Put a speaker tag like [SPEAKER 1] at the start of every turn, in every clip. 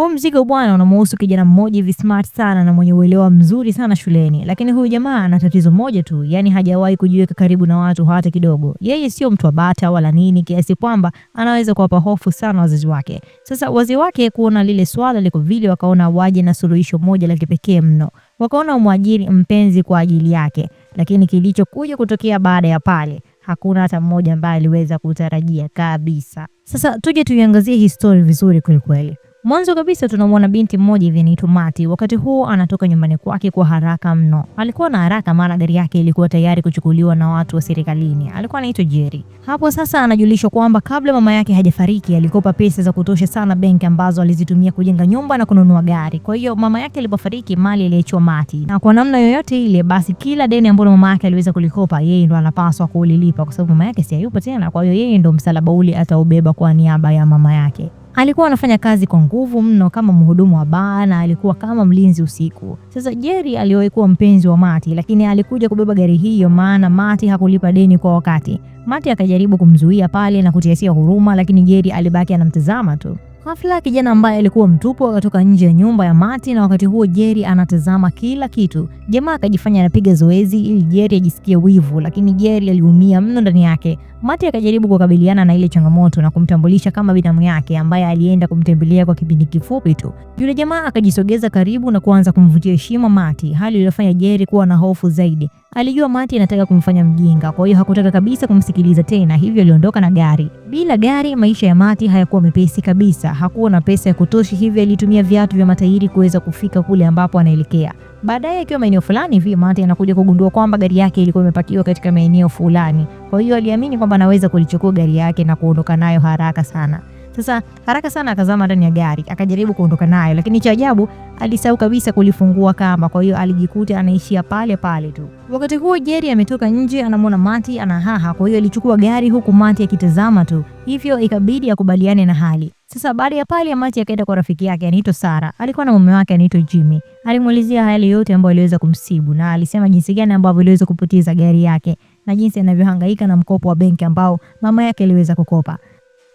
[SPEAKER 1] Huu mzigo bwana unamuhusu kijana mmoja hivi smart sana na mwenye uelewa mzuri sana shuleni, lakini huyu jamaa ana tatizo moja tu, yaani hajawahi kujiweka karibu na watu hata kidogo. Yeye sio mtu wa bata wala nini, kiasi kwamba anaweza kuwapa hofu sana wazazi wake. Sasa wazazi wake kuona lile swala liko vile, wakaona waje na suluhisho moja la kipekee mno, wakaona umwajiri mpenzi kwa ajili yake. Lakini kilichokuja kutokea baada ya pale hakuna hata mmoja ambaye aliweza kutarajia kabisa. Sasa tuje tuiangazie hii vizuri kwelikweli. Mwanzo kabisa tunamwona binti mmoja hivi anaitwa Mati. Wakati huo anatoka nyumbani kwake kwa haraka mno. Alikuwa na haraka maana gari yake ilikuwa tayari kuchukuliwa na watu wa serikalini. Alikuwa anaitwa Jerry. Hapo sasa anajulishwa kwamba kabla mama yake hajafariki alikopa pesa za kutosha sana benki ambazo alizitumia kujenga nyumba na kununua gari. Kwa hiyo mama yake alipofariki mali iliachwa Mati. Na kwa namna yoyote ile basi kila deni ambalo mama yake aliweza kulikopa yeye ndo anapaswa kulilipa kwa sababu mama yake si hayupo tena. Kwa hiyo yeye ndo msalaba ule ataubeba kwa niaba ya mama yake. Alikuwa anafanya kazi kwa nguvu mno kama mhudumu wa baa na alikuwa kama mlinzi usiku. Sasa Jerry aliwahi kuwa mpenzi wa Mati, lakini alikuja kubeba gari hiyo maana Mati hakulipa deni kwa wakati. Mati akajaribu kumzuia pale na kutiasia huruma, lakini Jerry alibaki anamtazama tu. Ghafla kijana ambaye alikuwa mtupu akatoka nje ya nyumba ya Mati, na wakati huo Jerry anatazama kila kitu. Jamaa akajifanya anapiga zoezi ili Jerry ajisikie wivu, lakini Jerry aliumia mno ndani yake. Mati akajaribu kukabiliana na ile changamoto na kumtambulisha kama binamu yake ambaye alienda kumtembelea kwa kipindi kifupi tu. Yule jamaa akajisogeza karibu na kuanza kumvutia heshima Mati, hali iliyofanya Jerry kuwa na hofu zaidi. Alijua Mati anataka kumfanya mjinga, kwa hiyo hakutaka kabisa kumsikiliza tena, hivyo aliondoka na gari. Bila gari, maisha ya Mati hayakuwa mepesi kabisa. Hakuwa na pesa ya kutosha, hivyo alitumia viatu vya matairi kuweza kufika kule ambapo anaelekea. Baadaye akiwa maeneo fulani hivi, Mati anakuja kugundua kwamba gari yake ilikuwa imepakiwa katika maeneo fulani, kwa hiyo aliamini kwamba anaweza kulichukua gari yake na kuondoka nayo haraka sana. Sasa haraka sana akazama ndani ya gari akajaribu kuondoka nayo, lakini cha ajabu alisahau kabisa kulifungua kamba, kwa hiyo alijikuta anaishia pale pale tu. Wakati huo Jerry ametoka nje, anamwona Mati anahaha, kwa hiyo alichukua gari huku Mati akitazama tu, hivyo ikabidi akubaliane na hali. Sasa baada ya pale Mati akaenda kwa rafiki yake anaitwa Sara. Alikuwa na mume wake anaitwa Jimmy. Alimuulizia hali yote ambayo aliweza kumsibu na alisema jinsi gani ambavyo aliweza kupoteza gari yake na jinsi anavyohangaika na mkopo wa benki ambao mama yake aliweza kukopa.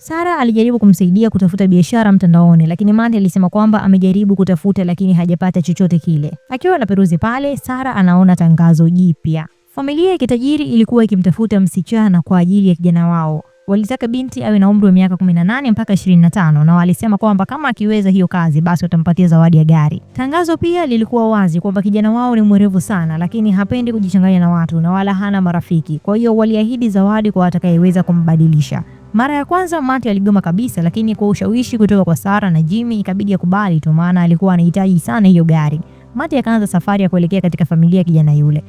[SPEAKER 1] Sara alijaribu kumsaidia kutafuta biashara mtandaoni, lakini Mandy alisema kwamba amejaribu kutafuta lakini hajapata chochote kile. Akiwa anaperuzi pale, Sara anaona tangazo jipya. Familia ya kitajiri ilikuwa ikimtafuta msichana kwa ajili ya kijana wao. Walitaka binti awe na umri wa miaka 18 mpaka 25 na walisema kwamba kama akiweza hiyo kazi basi watampatia zawadi ya gari. Tangazo pia lilikuwa wazi kwamba kijana wao ni mwerevu sana, lakini hapendi kujichanganya na watu na wala hana marafiki, kwa hiyo waliahidi zawadi kwa atakayeweza kumbadilisha. Mara ya kwanza Matt aligoma kabisa, lakini kwa ushawishi kutoka kwa Sara na Jimmy ikabidi akubali tu, maana alikuwa anahitaji sana hiyo gari. Matt akaanza safari ya kuelekea katika familia ya kijana yule.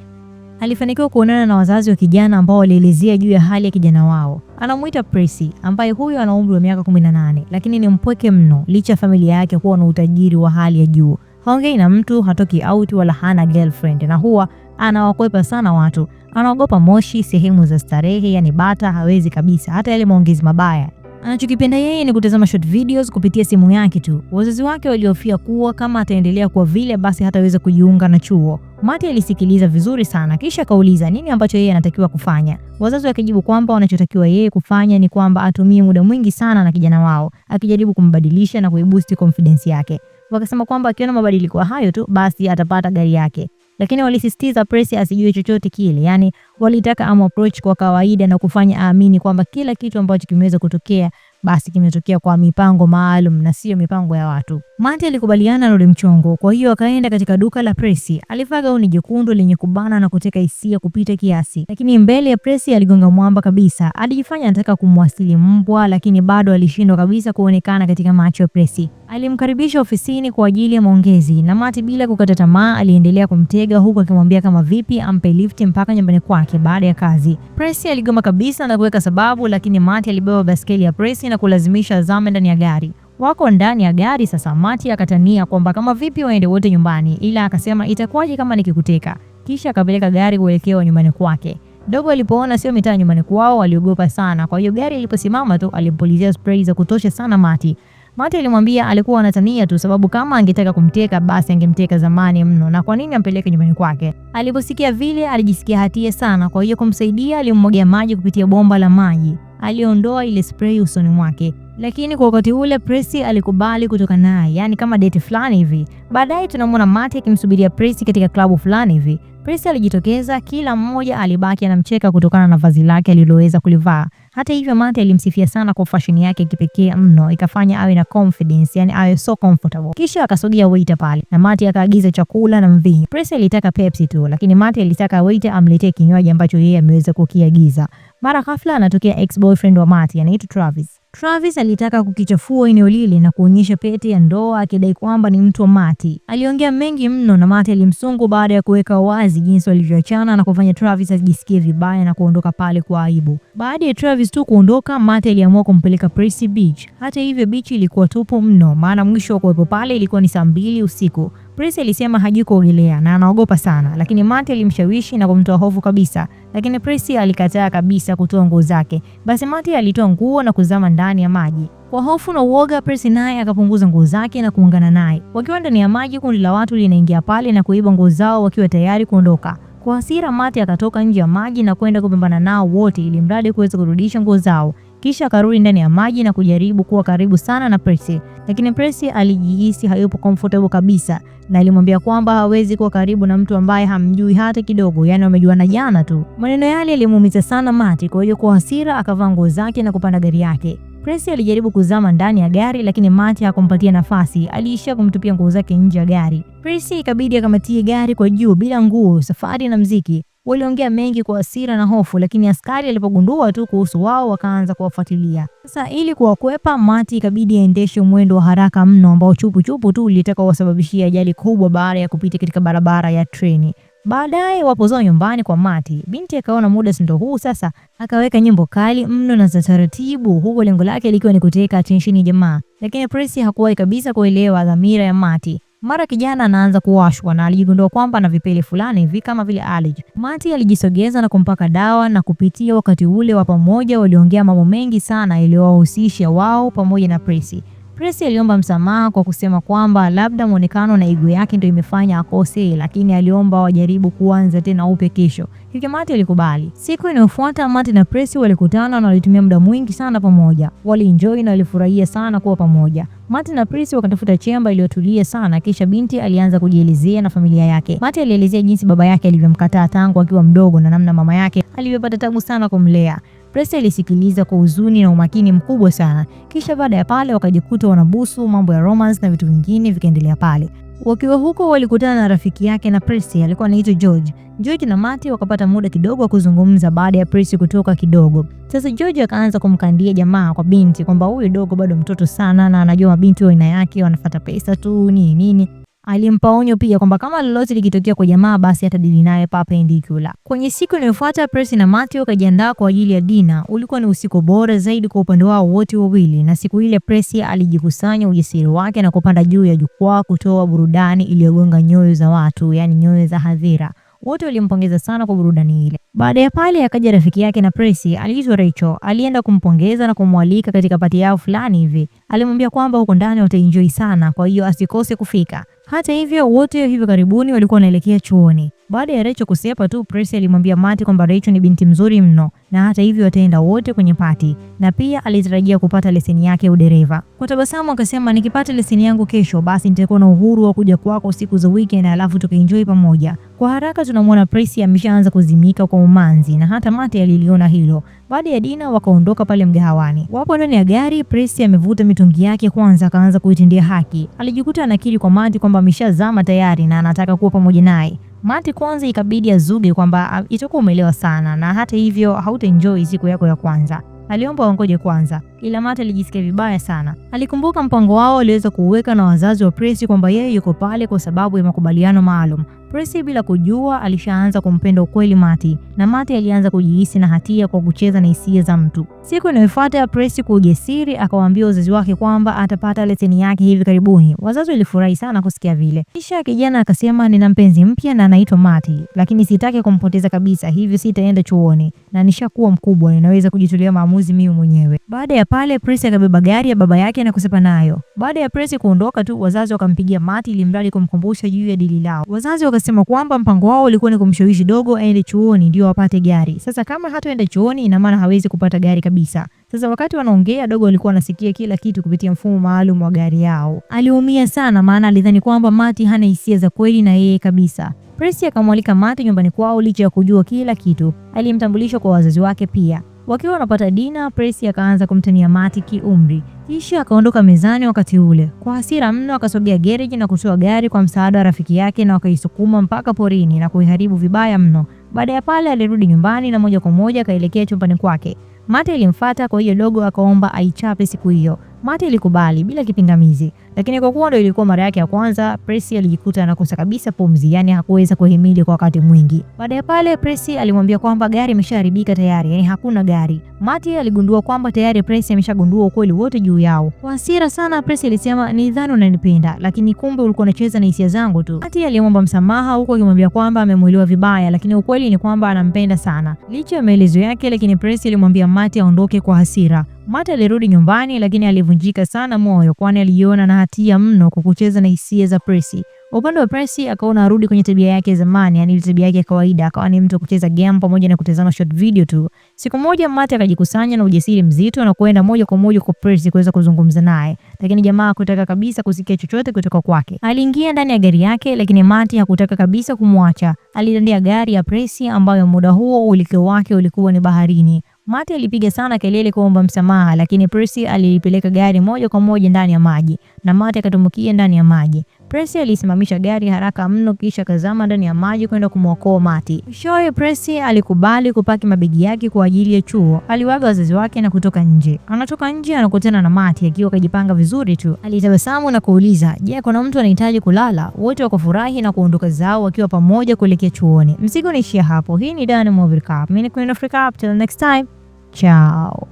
[SPEAKER 1] Alifanikiwa kuonana na wazazi wa kijana ambao walielezea juu ya hali ya kijana wao. Anamuita Prissy ambaye huyo ana umri wa miaka 18, lakini ni mpweke mno, licha ya familia yake kuwa na utajiri wa hali ya juu. Haongei na mtu, hatoki out wala hana girlfriend na huwa anawakwepa sana watu, anaogopa moshi, sehemu za starehe, yani bata hawezi kabisa, hata yale maongezi mabaya. Anachokipenda yeye ni kutazama short videos kupitia simu yake tu. Wazazi wake walihofia kuwa kama ataendelea kuwa vile, basi hataweza kujiunga na chuo. Mati alisikiliza vizuri sana, kisha akauliza nini ambacho yeye anatakiwa kufanya. Wazazi wakijibu kwamba wanachotakiwa yeye kufanya ni kwamba atumie muda mwingi sana na kijana wao, akijaribu kumbadilisha na kuiboost confidence yake. Wakasema kwamba akiona mabadiliko hayo tu, basi atapata gari yake lakini walisisitiza Presi asijue chochote kile, yani walitaka am approach kwa kawaida na kufanya aamini kwamba kila kitu ambacho kimeweza kutokea basi kimetokea kwa mipango maalum na sio mipango ya watu mati alikubaliana na ule mchongo, kwa hiyo akaenda katika duka la Presi. Alivaa gauni jekundu lenye kubana na kuteka hisia kupita kiasi, lakini mbele ya Presi aligonga mwamba kabisa. Alijifanya anataka kumwasili mbwa, lakini bado alishindwa kabisa kuonekana katika macho ya Presi. Alimkaribisha ofisini kwa ajili ya maongezi, na mati bila kukata tamaa aliendelea kumtega huku akimwambia kama vipi ampe lifti mpaka nyumbani kwake baada ya kazi. Presi aligoma kabisa na kuweka sababu, lakini mati alibeba baskeli ya Presi na kulazimisha azame ndani ya gari wako ndani ya gari. Sasa Mati akatania kwamba kama vipi waende wote nyumbani, ila akasema itakuwaje kama nikikuteka? Kisha akapeleka gari kuelekea nyumbani kwake. Dogo alipoona sio mitaa nyumbani kwao waliogopa sana, kwa hiyo gari iliposimama tu alimpulizia spray za kutosha sana Mati. Mati alimwambia alikuwa anatania tu, sababu kama angetaka kumteka basi angemteka zamani mno, na kwa nini ampeleke nyumbani kwake? Aliposikia vile alijisikia hatia sana, kwa hiyo kumsaidia alimmwagia maji kupitia bomba la maji, aliondoa ile spray usoni mwake lakini kwa wakati ule Presi alikubali kutoka naye, yani kama date fulani hivi. Baadaye tunamwona Mati akimsubiria Presi katika klabu fulani hivi. Presi alijitokeza, kila mmoja alibaki anamcheka kutokana na vazi lake aliloweza kulivaa. Hata hivyo, Mati alimsifia sana kwa fashion yake kipekee mno, ikafanya awe na confidence, yani awe so comfortable. Kisha akasogea waiter pale na Mati akaagiza chakula na mvinyo. Presi alitaka Pepsi tu, lakini Mati alitaka waiter amletee kinywaji ambacho yeye ameweza kukiagiza. Mara ghafla anatokea ex-boyfriend wa mati anaitwa Travis. Travis alitaka kukichafua eneo lile na kuonyesha pete ya ndoa akidai kwamba ni mtu wa mati Aliongea mengi mno na mati alimsungu baada ya kuweka wazi jinsi walivyoachana na kufanya Travis ajisikie vibaya na kuondoka pale kwa aibu. Baada ya Travis tu kuondoka, mati aliamua kumpeleka Prissy Beach. Hata hivyo, beach ilikuwa tupu mno, maana mwisho wa kuwepo pale ilikuwa ni saa mbili usiku. Prince alisema hajui kuogelea na anaogopa sana, lakini mati alimshawishi na kumtoa hofu kabisa, lakini Prince alikataa kabisa kutoa nguo zake. Basi mati alitoa nguo na kuzama ndani ya maji. Kwa hofu na uoga, Percy naye akapunguza nguo zake na kuungana naye. Wakiwa ndani ya maji, kundi la watu linaingia pale na kuiba nguo zao wakiwa tayari kuondoka. Kwa hasira, Mati akatoka nje ya maji na kwenda kupambana nao wote, ili mradi kuweza kurudisha nguo zao kisha akarudi ndani ya maji na kujaribu kuwa karibu sana na Percy, lakini Percy alijihisi hayupo comfortable kabisa na alimwambia kwamba hawezi kuwa karibu na mtu ambaye hamjui hata kidogo, yaani wamejuana jana tu. Maneno yale yalimuumiza sana mati kwa hiyo kwa hasira akavaa nguo zake na kupanda gari yake. Percy alijaribu kuzama ndani ya gari lakini mati hakumpatia nafasi, aliishia kumtupia nguo zake nje ya gari. Percy ikabidi akamatie gari kwa juu bila nguo, safari na mziki Waliongea mengi kwa hasira na hofu, lakini askari alipogundua tu kuhusu wao wakaanza kuwafuatilia. Sasa ili kuwakwepa, Mati ikabidi aendeshe mwendo wa haraka mno ambao chupuchupu tu ulitaka wasababishia ajali kubwa baada ya kupita katika barabara ya treni. Baadaye wapozao nyumbani kwa Mati, binti akaona muda sindo huu sasa, akaweka nyimbo kali mno na za taratibu, huku lengo lake likiwa ni kuteka attention ya jamaa, lakini Presi hakuwahi kabisa kuelewa dhamira ya Mati. Mara kijana anaanza kuwashwa na aligundua kwamba na vipele fulani hivi kama vile allergy. Mati alijisogeza na kumpaka dawa na kupitia wakati ule wa pamoja, waliongea mambo mengi sana yaliyowahusisha wao pamoja na Presi. Presi aliomba msamaha kwa kusema kwamba labda mwonekano na ego yake ndio imefanya akose, lakini aliomba wajaribu kuanza tena upe kesho, hivyo Mati alikubali. Siku inayofuata Mati na Presi walikutana na walitumia muda mwingi sana pamoja, walienjoy na walifurahia sana kuwa pamoja. Mati na presi wakatafuta chemba iliyotulia sana, kisha binti alianza kujielezea na familia yake. Mati alielezea jinsi baba yake alivyomkataa tangu akiwa mdogo na namna mama yake alivyopata tabu sana kumlea presi alisikiliza kwa huzuni na umakini mkubwa sana. Kisha baada ya pale wakajikuta wanabusu, mambo ya romance na vitu vingine vikaendelea pale. Wakiwa huko walikutana na rafiki yake na Presi alikuwa anaitwa George. George na Mati wakapata muda kidogo wa kuzungumza baada ya Presi kutoka kidogo. Sasa George akaanza kumkandia jamaa kwa binti kwamba huyu dogo bado mtoto sana na anajua mabinti wa aina yake wanafuata pesa tu nini nini. Alimpa onyo pia kwamba kama lolote likitokea kwa jamaa basi atadili naye perpendicular. Kwenye siku iliyofuata Percy na Matthew wakajiandaa kwa ajili ya dina. Ulikuwa ni usiku bora zaidi kwa upande wao wote wawili, na siku ile Percy alijikusanya ujasiri wake na kupanda juu ya jukwaa kutoa burudani iliyogonga nyoyo za watu, yani nyoyo za hadhira. Wote walimpongeza sana kwa burudani ile. Baada ya pale akaja rafiki yake na Percy aliitwa Rachel, alienda kumpongeza na kumwalika katika pati yao fulani hivi. Alimwambia kwamba huko ndani wataenjoy sana, kwa hiyo asikose kufika. Hata hivyo, wote hivi karibuni walikuwa wanaelekea chuoni baada ya Rachel kusepa tu, Percy alimwambia Matt kwamba Rachel ni binti mzuri mno na hata hivyo wataenda wote kwenye pati, na pia alitarajia kupata leseni yake ya udereva. Kwa tabasamu akasema, nikipata leseni yangu kesho, basi nitakuwa na uhuru wa kuja kwako siku za weekend, alafu tukaenjoy pamoja. Kwa haraka tunamwona Percy ameshaanza kuzimika kwa umanzi na hata Mate aliliona hilo. Baada ya dina wakaondoka pale mgahawani, wapo ndani ya gari. Percy amevuta mitungi yake kwanza, akaanza kuitendea haki. Alijikuta anakiri kwa Mate kwamba ameshazama tayari na anataka kuwa pamoja naye. Mati kwanza ikabidi azuge kwamba ah, itakuwa umeelewa sana na hata hivyo hautaenjoy siku yako ya kwanza. Aliomba wangoje kwanza, ila Mati alijisikia vibaya sana. Alikumbuka mpango wao aliweza kuuweka na wazazi wa Presi kwamba yeye yuko pale kwa sababu ya makubaliano maalum, Presi bila kujua alishaanza kumpenda ukweli Mati na Mati alianza kujihisi na hatia kwa kucheza na hisia za mtu. Siku inayofuata Presi kwa ujasiri akawaambia wazazi wake kwamba atapata leseni yake hivi karibuni. Wazazi walifurahi sana kusikia vile. Kisha kijana akasema, nina mpenzi mpya na anaitwa Mati, lakini sitaki kumpoteza kabisa, hivyo sitaenda chuoni na nishakuwa mkubwa, ninaweza kujitolea maamuzi mimi mwenyewe. Baada ya pale Presi akabeba gari ya baba yake na kusepa nayo. Baada ya Presi kuondoka tu, wazazi wakampigia Mati ili mradi kumkumbusha juu ya dili lao. Wazazi waka akasema kwamba mpango wao ulikuwa ni kumshawishi dogo aende chuoni ndio apate gari. Sasa kama hataenda chuoni, ina maana hawezi kupata gari kabisa. Sasa wakati wanaongea, dogo alikuwa anasikia kila kitu kupitia mfumo maalum wa gari yao. Aliumia sana, maana alidhani kwamba Mati hana hisia za kweli na yeye kabisa. Presi akamwalika Mati nyumbani kwao licha ya kujua kila kitu. Alimtambulisha kwa wazazi wake pia. Wakiwa wanapata dina, Presi akaanza kumtania Mati kiumri, kisha akaondoka mezani. Wakati ule kwa hasira mno akasogea gereji na kutoa gari kwa msaada wa rafiki yake, na wakaisukuma mpaka porini na kuiharibu vibaya mno. Baada ya pale alirudi nyumbani na moja kwa moja akaelekea chumbani kwake. Mati alimfata kwa hiyo dogo akaomba aichape siku hiyo. Mati alikubali bila kipingamizi. Lakini kwa kuwa ndio ilikuwa mara yake ya kwanza, Presi alijikuta anakosa kabisa pumzi, yani hakuweza kuhimili kwa wakati mwingi. Baada ya pale, Presi alimwambia kwamba gari imeshaharibika tayari, yani hakuna gari. Mati aligundua kwamba tayari Presi ameshagundua ukweli wote juu yao. Kwa hasira sana, Presi alisema nidhani unanipenda, lakini kumbe ulikuwa unacheza na hisia zangu tu. Mati alimwomba msamaha, huku akimwambia kwamba amemuelewa vibaya, lakini ukweli ni kwamba anampenda sana licha ya maelezo yake. Lakini Presi alimwambia Mati aondoke kwa hasira. Mati alirudi nyumbani, lakini alivunjika sana moyo, kwani aliona na hatia mno kwa kucheza na hisia za Presi. upande wa Presi akaona arudi kwenye tabia yake zamani, yani ile tabia yake ya kawaida, akawa ni mtu kucheza game pamoja na kutazama short video tu. Siku moja Mate akajikusanya na ujasiri mzito na kuenda moja kwa moja kwa Presi kuweza kuzungumza naye, lakini jamaa hakutaka kabisa kusikia chochote kutoka kwake. Aliingia ndani ya gari yake, lakini Mate hakutaka kabisa kumwacha. Alilandia gari ya Presi ambayo muda huo uelekeo wake ulikuwa ni baharini. Matt alipiga sana kelele kuomba msamaha, lakini Percy alipeleka gari moja kwa moja ndani ya maji na Matt akatumbukia ndani ya maji. Percy alisimamisha gari haraka mno kisha kazama ndani ya maji kwenda kumwokoa Mati. Mwishowe Percy alikubali kupaki mabegi yake kwa ajili ya chuo. Aliwaga wazazi wake na kutoka nje. Anatoka nje anakutana na Mati akiwa kajipanga vizuri tu. Alitabasamu na kuuliza, "Je, kuna mtu anahitaji kulala?" Wote wakafurahi na kuondoka zao wakiwa pamoja kuelekea chuoni. Mzigo unaishia hapo. Hii ni Dani Dynamobile Cup. Mimi ni Queen Africa. Till next time. Ciao.